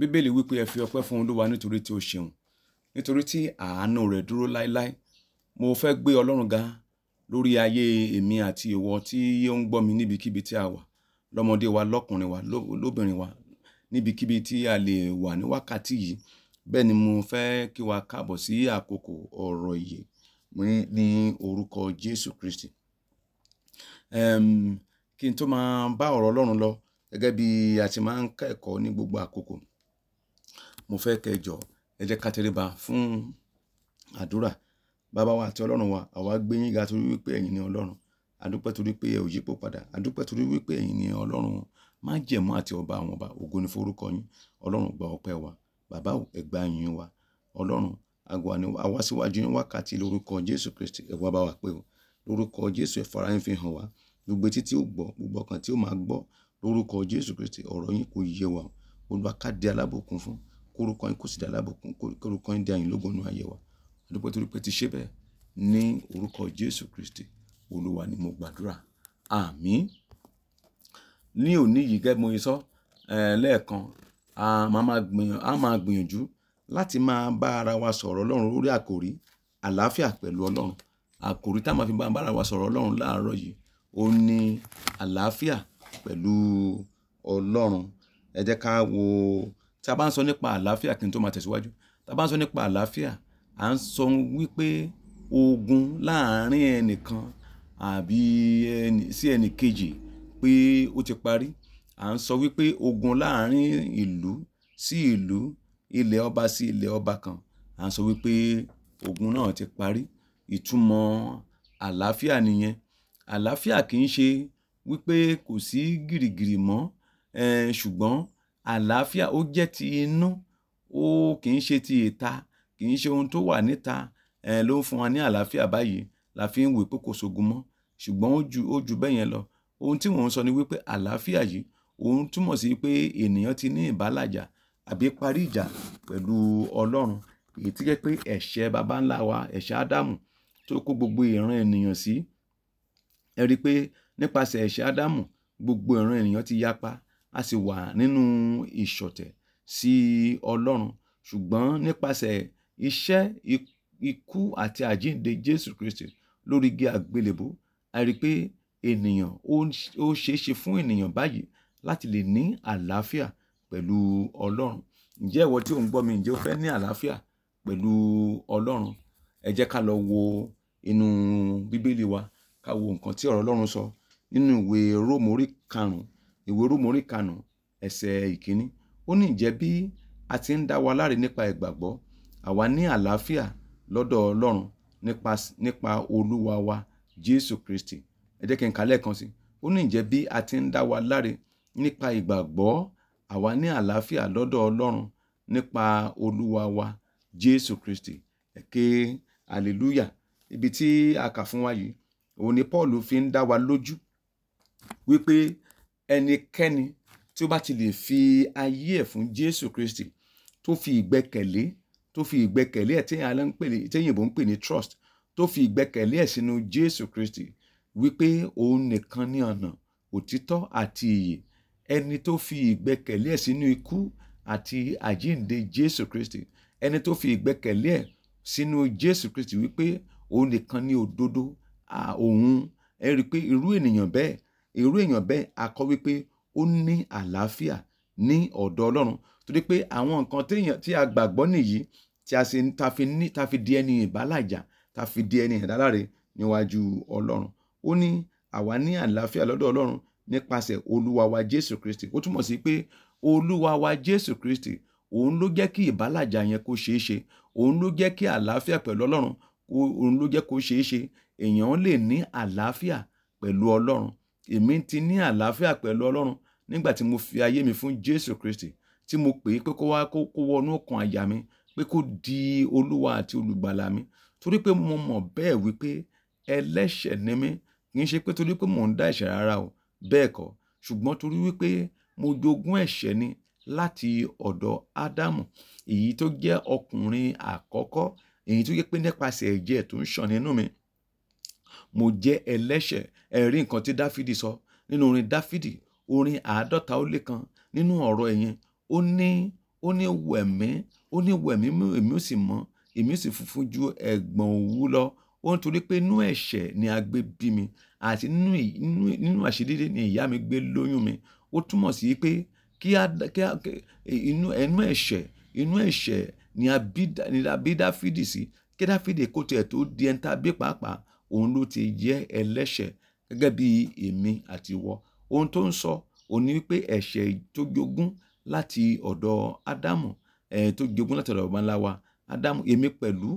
bíbélì wípé ẹ fi ọpẹ́ fún olúwa nítorí tí ó ṣeun nítorí tí àánú rẹ̀ dúró láéláé mo fẹ́ gbé ọlọ́run ga lórí ayé èmi àti ìwọ tí ó ń gbọ́ mi níbikíbi tí a wà lọ́mọdé wa lọ́kùnrin wa lóbìnrin wa níbikíbi tí a lè wà ní wákàtí yìí bẹ́ẹ̀ ni mo fẹ́ kí wa káàbọ̀ sí àkókò ọ̀rọ̀ ìyè ní orúkọ Jésù Kristi kí n tó máa bá ọ̀rọ̀ ọlọ́run lọ gẹ́gẹ́ bí a ti máa ń kẹ́kọ̀ọ́ ní gbogbo àkókò mo fẹ́ kẹ́ jọ ẹ jẹ́ ká fún mm. àdúrà bàbá wa àti ọlọ́run wa àwa gbé yín ga torí wípé ẹ̀yin ni ọlọ́run àdúpẹ́ torí pé ẹ ò yípo padà àdúpẹ́ torí wípé ẹ̀yin ni ọlọ́run má jẹ̀mú àti ọba àwọn ọba ògo forúkọ yín ọlọ́run gba ọpẹ́ wa bàbá ẹ gbà yìn wa ọlọ́run àgọ́ àwa síwájú yín wákàtí lórúkọ jésù kristi ẹ bá wa pé o lórúkọ jésù ẹ fara yín fi hàn wá gbogbo etí tí ó gbọ́ gbogbo ọkàn tí ó máa gbọ́ lórúkọ jésù kristi ọ̀rọ̀ yín kò yé wa olùwàkàdé alábòkun fún orúkọ yín kò sì dá lábùkún kí yín di àyìn lógo nínú ayé wa àdúpẹ́ torí pé ti ṣe bẹ́ẹ̀ ní orúkọ Jésù Kristi Olúwa ni mo gbàdúrà àmín ní òní yìí gẹ́gẹ́ bí mo ṣe sọ lẹ́ẹ̀kan a máa gbìyànjú láti máa bá ara wa sọ̀rọ̀ Ọlọ́run lórí àkòrí àlàáfíà pẹ̀lú Ọlọ́run àkòrí tá a máa fi bá ara wa sọ̀rọ̀ Ọlọ́run láàárọ̀ yìí ó ní àlàáfíà pẹ̀lú Ọlọ́run ẹ jẹ́ ká wo tí a bá ń sọ nípa àlàáfíà kí n tó máa tẹ̀síwájú tí a bá ń sọ nípa àlàáfíà à ń sọ wípé ogun láàárín ẹnìkan àbí sí ẹnì kejì pé ó ti parí à ń sọ wípé ogun láàárín ìlú sí ìlú ilẹ̀ ọba sí ilẹ̀ ọba kan à ń sọ wípé ogun náà ti parí ìtumọ̀ àlàáfíà nìyẹn àlàáfíà kì í ṣe wípé kò sí gìrìgìrì mọ́ ṣùgbọ́n eh, àlàáfíà ó jẹ́ ti inú ó kì í ṣe ti ìta kì í ṣe ohun tó wà níta um ló ń fún wa ní àlàáfíà báyìí la fi ń wò pé kò sógun mọ́ ṣùgbọ́n ó ju ó ju bẹ́ẹ̀ yẹn lọ ohun tí mò ń sọ ni wípé àlàáfíà yìí òun túmọ̀ sí pé ènìyàn ti ní ìbálàjà àbí parí ìjà pẹ̀lú ọlọ́run èyí tí jẹ́ pé ẹ̀ṣẹ̀ baba ńlá wa ẹ̀ṣẹ̀ ádámù tó kó gbogbo ìran ènìyàn sí ẹ rí i pé nípasẹ̀ ẹ̀ṣẹ̀ ádámù gbogbo ìran ènìyàn ti yapa a sì wà nínú ìṣọ̀tẹ̀ sí Ọlọ́run ṣùgbọ́n nípasẹ̀ iṣẹ́ ikú àti àjíǹde Jésù Kristi lórí igi àgbélébó a rí i pé ènìyàn ó ṣeé ṣe fún ènìyàn báyìí láti lè ní àlàáfíà pẹ̀lú Ọlọ́run ǹjẹ́ ìwọ tí ò ń gbọ́ mi ǹjẹ́ o fẹ́ ní àlàáfíà pẹ̀lú Ọlọ́run ẹ jẹ́ ká lọ wo inú Bíbélì wa ká wo nǹkan tí ọ̀rọ̀ Ọlọ́run sọ nínú ìwé Róòmù karùn-ún ìwé rúmọ orí karùnún ẹsẹ̀ ìkíní ó ní ǹjẹ́ bí a ti ń dá wa láre nípa ìgbàgbọ́ àwa ní àlàáfíà lọ́dọ̀ ọlọ́run nípa nípa olúwa wa jésù kristi ẹ jẹ́ kí n kà lẹ́ẹ̀kan sí ó ní ǹjẹ́ bí a ti ń dá wa láre nípa ìgbàgbọ́ àwa ní àlàáfíà lọ́dọ̀ ọlọ́run nípa olúwa wa jésù kristi ẹ ké ibi tí a kà fún wa yìí òun ni paul fi ń dá wa lójú wípé ẹnikẹ́ni tí ó bá ti lè fi ayé ẹ̀ fún Jésù Kristi tó fi ìgbẹ́kẹ̀lé tó fi ìgbẹ́kẹ̀lé ẹ̀ téyìn ìbò ń pè ní trust tó fi ìgbẹ́kẹ̀lé ẹ̀ sínú Jésù Kristi wípé òun nìkan ní ọ̀nà òtítọ́ àti ìyè ẹni tó fi ìgbẹ́kẹ̀lé ẹ̀ sínú ikú àti àjíǹde Jésù Kristi ẹni tó fi ìgbẹ́kẹ̀lé ẹ̀ sínú Jésù Kristi wípé òun nìkan ní òdodo òun ẹ rí i pé irú ènìyàn bẹ́ẹ̀ irú èèyàn bẹ́ẹ̀ a kọ́ wípé ó ní àlàáfíà ní ọ̀dọ̀ ọlọ́run torí pé àwọn nǹkan tí a gbàgbọ́ nìyí tí a sì ta fi ní ta fi di ẹni ìbálàjà ta fi di ẹni ìdáláre níwájú ọlọ́run ó ní àwa ní àlàáfíà lọ́dọ̀ ọlọ́run nípasẹ̀ olúwa wa jésù kristi ó túmọ̀ sí pé olúwa wa jésù kristi òun ló jẹ́ kí ìbálàjà yẹn kó ṣeé ṣe òun ló jẹ́ kí àlàáfíà pẹ̀lú ọlọ́run òun ló jẹ́ kó ṣeé ṣe èèyàn lè ní àlàáfíà pẹ̀lú ọlọ́run èmi ti ní àlàáfíà pẹ̀lú ọlọ́run nígbà tí mo fi ayé mi fún jésù kristi tí mo pè é pé kó wá kó wọnú ọkàn àyà mi pé kó di olúwa àti olùgbàlà mi torí pé mo mọ̀ bẹ́ẹ̀ wípé ẹlẹ́ṣẹ̀ ni mí kì í ṣe pé torí pé mò ń dá ẹ̀ṣẹ̀ rárá o bẹ́ẹ̀ kọ́ ṣùgbọ́n torí wípé mo jogún ẹ̀ṣẹ̀ ni láti ọ̀dọ̀ ádámù èyí tó jẹ́ ọkùnrin àkọ́kọ́ èyí tó jẹ́ pé nípasẹ̀ ẹ̀jẹ̀ tó ń ṣàn nínú mi mo jẹ́ ẹlẹ́ṣẹ̀ ẹ̀rí nǹkan tí dáfídì sọ nínú orin dáfídì orin àádọ́ta ó lé kan nínú ọ̀rọ̀ ẹ̀yìn ó ní ó ní wẹ̀mí ó ní wẹ̀mí èmi ó sì mọ́ èmi ó sì funfun ju ẹ̀gbọ̀n òwú lọ ó ń torí pé inú ẹ̀ṣẹ̀ ni a gbé bí mi àti nínú àṣedédé ni ìyá mi gbé lóyún mi ó túmọ̀ sí pé kí á inú ẹ̀ṣẹ̀ inú ẹ̀ṣẹ̀ ni a bí dáfídì sí kí dáfídì kó tiẹ̀ tó di ẹni tá a bí pàápàá òun ló ti jẹ́ ẹlẹ́ṣẹ̀ gẹ́gẹ́ bí èmi àti ìwọ ohun tó ń sọ òun ni wípé ẹ̀ṣẹ̀ tó jogún láti ọ̀dọ̀ ádámù ẹ̀ tó jogún láti ọ̀dọ̀ bàbá ńlá wa ádámù èmi pẹ̀lú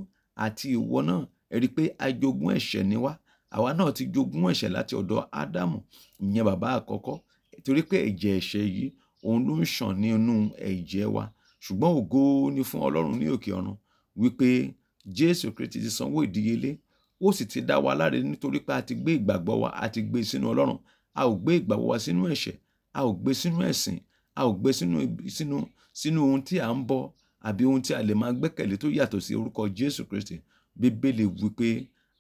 àti ìwọ náà ẹ rí i pé a jogún ẹ̀ṣẹ̀ ni wá àwa náà ti jogún ẹ̀ṣẹ̀ láti ọ̀dọ̀ ádámù ìyẹn bàbá àkọ́kọ́ torí pé ẹ̀jẹ̀ ẹ̀ṣẹ̀ yìí òun ló ń ṣàn ní ẹ̀jẹ̀ wa ṣùgbọ́n ògo ni fún ọlọ́run ní òkè ọ̀run wípé jésù kristi ti sanwó ìdíyelé ó sì ti dá wa láre nítorí pé a ti gbé ìgbàgbọ́ wa a ti gbé e sínú ọlọ́run a ò gbé ìgbàgbọ́ wa sínú ẹ̀ṣẹ̀ a ò gbé e sínú ẹ̀sìn a ò gbé e sínú sínú sínú ohun tí à ń bọ àbí ohun tí a lè máa gbẹ́kẹ̀lé tó yàtọ̀ sí orúkọ Jésù Kristi bíbélì wípé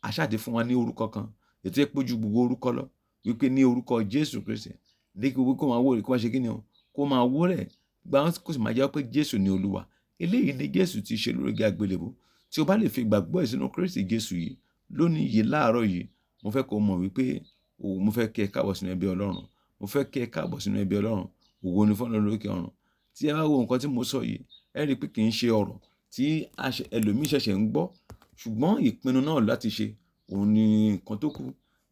aṣáàtì fún wa ní orúkọ kan ètò ẹ̀ pójú gbogbo orúkọ lọ wípé ní orúkọ Jésù Kristi lẹ́kì kó máa wó rẹ̀ kó máa ṣe kí ni o kó máa wó rẹ̀ gba kó sì máa jẹ́ pé Jésù ni Olúwa eléyìí ni Jésù ti ṣe lórí àgbélébùú tí o bá lè fi ìgbàgbọ́ ẹ̀ sínú Kristi Jésù yìí Lónìí yìí láàárọ̀ yìí, mo fẹ́ ko mọ̀ wípé òwò mo fẹ́ kí ẹ káàbọ̀ sínú ẹbí Ọlọ́run. Mo fẹ́ kí ẹ káàbọ̀ sínú ẹbí Ọlọ́run. Ògo ni fún Ọlọ́run lókè ọ̀run. Tí ẹ bá wo nǹkan tí mo sọ yìí, ẹ rí pé kì í ṣe ọ̀rọ̀ tí ẹlòmíì ṣẹ̀ṣẹ̀ ń gbọ́. Ṣùgbọ́n ìpinnu náà láti ṣe, òun ni nǹkan tó kù.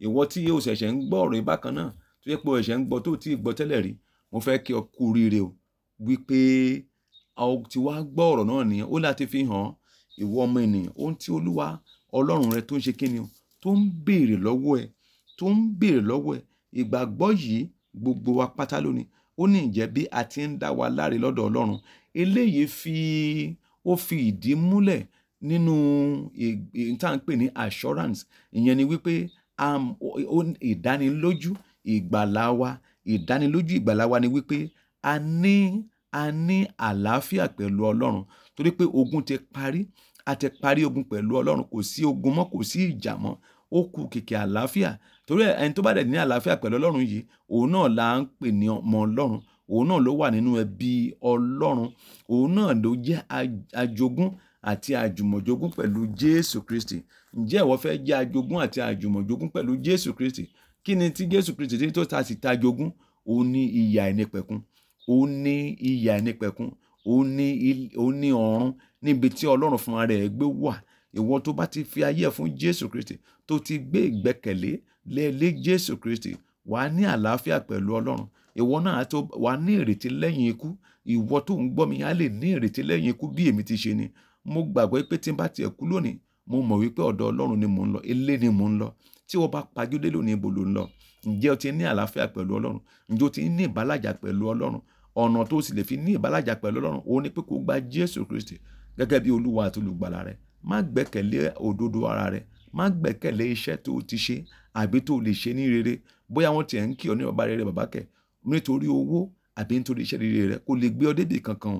Ìwọ tí o ṣẹ̀ṣẹ̀ ń gbọ́ ọ̀rọ̀ yìí bákan náà, tó jẹ́ pé o ṣẹ̀ṣẹ̀ ń gbọ́ tó ò tí ì gbọ́ tẹ́lẹ̀ rí, mo fẹ́ kí ọ kú oríire o. Wípé a ti wá gbọ́ ọ̀rọ̀ náà ni ó láti fi hàn ìwọ ọmọ ènìyàn, ohun tí Olúwa ọlọ́run rẹ tó ń ṣe kíni o tó ń béèrè lọ́wọ́ ẹ tó ń béèrè lọ́wọ́ ẹ ìgbàgbọ́ yìí gbogbo wa pátá lónìí ó ní ìjẹ́ bí a ti ń dá wa láre lọ́dọ̀ ọlọ́run eléyìí fi ó fi ìdí múlẹ̀ nínú tá ní assurance ìyẹn ni wípé ìdánilójú ìgbàlà wa ìdánilójú ìgbàlà wa ni wípé a ní a ní àlàáfíà pẹ̀lú ọlọ́run torí pé ogun ti parí a ti parí ogun pẹ̀lú ọlọ́run kò sí ogun mọ́ kò sí ìjà mọ́ ó kù kìkì àlàáfíà torí ẹni tó bá dẹ̀ ní àlàáfíà pẹ̀lú ọlọ́run yìí òun náà là ń pè ní ọmọ ọlọ́run òun náà ló wà nínú ẹbí ọlọ́run òun náà ló jẹ́ ajogún àti àjùmọ̀jogún pẹ̀lú jésù kristi ǹjẹ́ ìwọ fẹ́ jẹ́ ajogún àti àjùmọ̀jogún pẹ̀lú jésù kristi kí ni tí jésù kristi tí tó ta sí tajogún òun ní ìyà ẹni pẹ̀kun òun ní ìyà ẹni pẹ̀kun òun ni òun ni ọ̀run níbi tí ọlọ́run fúnra rẹ̀ gbé wà ìwọ tó bá ti fi ayé ẹ̀ fún jésù kristi tó ti gbé ìgbẹ́kẹ̀lé lé jésù kristi wà á ní àlàáfíà pẹ̀lú ọlọ́run ìwọ náà tó wà á ní ìrètí lẹ́yìn ikú ìwọ tó ń gbọ́ mi á lè ní ìrètí lẹ́yìn ikú bí èmi ti ṣe ni mo gbàgbọ́ pé tí n bá tiẹ̀ kú lónìí mo mọ̀ wípé ọ̀dọ̀ ọlọ́run ni mò ń lọ ilé ni mò ń lọ tí wọ́n bá pagídé lónìí ibo ló ń lọ ǹjẹ́ o ti ní àlàáfíà pẹ̀lú ọlọ́run ǹjẹ́ o ti ní ìbálàjà pẹ̀lú ọlọ́run ọ̀nà tó sì lè fi ní ìbálàjà pẹ̀lú ọlọ́run òun ni pé kó gba jésù kristi gẹ́gẹ́ bí olúwa àti olùgbàlà rẹ má gbẹ́kẹ̀lé òdodo ara rẹ má gbẹ́kẹ̀lé iṣẹ́ tó ti ṣe àbí tó lè ṣe ní rere bóyá wọ́n tiẹ̀ ń kí ọ ní bàbá rere bàbá kẹ̀ nítorí owó àbí nítorí iṣẹ́ rere rẹ kò lè gbé ọ débi kankan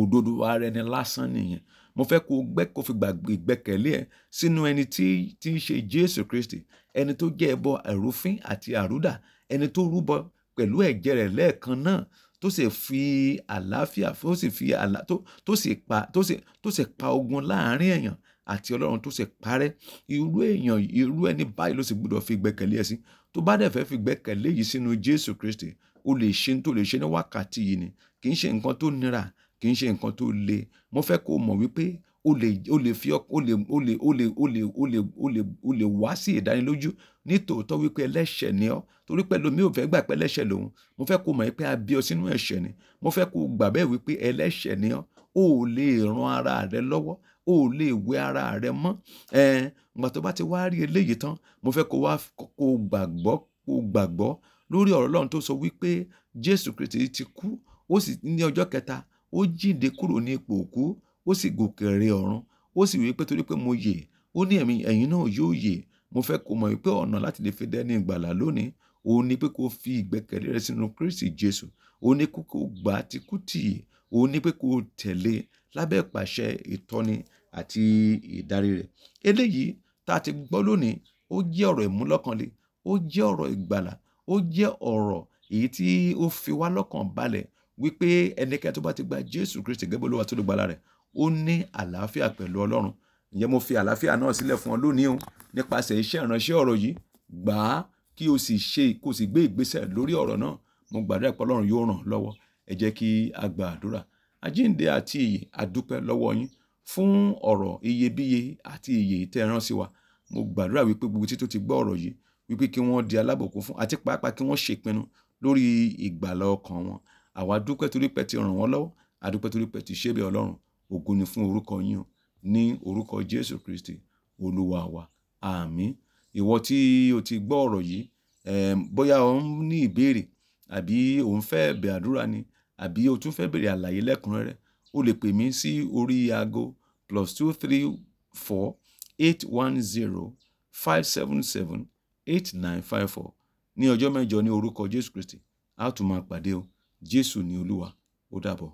òdodo ara ẹni lásán nìyẹn mo fẹ́ kó gbẹ́ kó fi gbàgbé gbẹ́kẹ̀lé ẹ sínú ẹni tí tí ń ṣe jésù kristi ẹni tó jẹ́ ẹbọ àrúfín àti àrúdà ẹni tó rúbọ pẹ̀lú ẹ̀jẹ̀ rẹ̀ lẹ́ẹ̀kan náà tó sì fi àlàáfíà tó sì fi àlà tó sì pa tó sì tó sì pa ogun láàárín èèyàn àti ọlọ́run tó sì parẹ́ irú èèyàn irú ẹni báyìí ló sì gbọ́dọ̀ fi gbẹ́kẹ̀lé ẹ sí tó bá dẹ̀ fẹ́ fi gbẹ́kẹ̀lé yìí sínú Jésù Kristi o lè ṣe tó lè ṣe ní wákàtí yìí ni kì í ṣe nǹkan tó nira kì í ṣe nǹkan tó le mo fẹ́ kó mọ̀ wípé o lè o lè fi o lè o lè o lè o lè o lè o lè o lè wá sí ìdánilójú nítòótọ́ wípé ẹlẹ́ṣẹ̀ ni ọ́ torí pé lomi ò fẹ́ gbà pé ẹlẹ́ṣẹ̀ lòun mo fẹ́ kó mọ̀ pé a bí ọ sínú ẹ̀ṣẹ̀ ni mo fẹ́ kó gbà bẹ́ẹ̀ wípé ẹlẹ́ṣẹ̀ ni ọ́ o ò lè ran ara rẹ lọ́wọ́ o ò lè wẹ ara rẹ mọ́ ẹ̀ẹ́n ìgbà tó bá ti wá rí eléyìí tán mo fẹ́ kó wá kó gbàgbọ́ kó gbàgbọ́ lórí ọ̀rọ̀ Ọlọ́run tó ó sì gòkè rè ọ̀run ó sì wí pé torí pé mo yè ó ní ẹ̀mí ẹ̀yin náà yóò yè mo fẹ́ kó mọ̀ wípé ọ̀nà láti lè fi dẹ́ni ìgbàlà lónìí òun ni pé kó fi ìgbẹ́kẹ̀lé rẹ sínú Kristi Jésù òun ni kó gbà á ti kú tìyè òun ni pé kó tẹ̀lé e lábẹ́ ìpàṣẹ ìtọ́ni àti ìdarí rẹ̀ eléyìí tá a ti gbọ́ lónìí ó jẹ́ ọ̀rọ̀ ìmúlọ́kànle ó jẹ́ ọ̀rọ̀ ìgbàlà ó jẹ́ ọ̀rọ̀ èyí tí ó fi wá lọ́kàn balẹ̀ wípé ẹnikẹ́ni tó bá ti gba Jésù Kristi gẹ́gẹ́ bí Olúwa tó lè gbàlà rẹ̀ ó ní àlàáfíà pẹ̀lú ọlọ́run ǹjẹ́ mo fi àlàáfíà náà sílẹ̀ fún ọ lónìí o nípasẹ̀ iṣẹ́ ìránṣẹ́ ọ̀rọ̀ yìí gbà á kí o sì ṣe kó o sì gbé ìgbésẹ̀ lórí ọ̀rọ̀ náà mo gbàdúrà pé ọlọ́run yóò ràn lọ́wọ́ ẹ jẹ́ kí a gba àdúrà àjíǹde àti ìyè àdúpẹ́ lọ́wọ́ yín fún ọ̀rọ̀ iyebíye àti ìyè tẹ́ rán sí wa mo gbàdúrà wípé gbogbo tí tó ti gbọ́ ọ̀rọ̀ yìí wípé kí wọ́n di alábòkun fún àti pàápàá kí wọ́n ṣèpinnu lórí ìgbàlà ọkàn wọn àwa dúpẹ́ torí pé ti ràn wọ́n lọ́wọ́ àdúpẹ́ torí ti ṣe bẹ́ẹ̀ ọlọ́run ògo ni fún orúkọ yín o ní orúkọ Jésù Kristi olúwa wa àmín ìwọ tí o ti gbọ́ ọ̀rọ̀ yìí bóyá o ń ní ìbéèrè àbí o ń fẹ́ bẹ̀ àdúrà ni àbí o tún fẹ́ bèrè àlàyé lẹ́kùnrẹ́rẹ́ o lè pè mí sí orí aago plus two three four eight one zero five seven seven eight nine five four ní ọjọ́ mẹ́jọ ní orúkọ Jésù Kristi a tún máa pàdé o Jésù ni Olúwa ó dàbọ̀.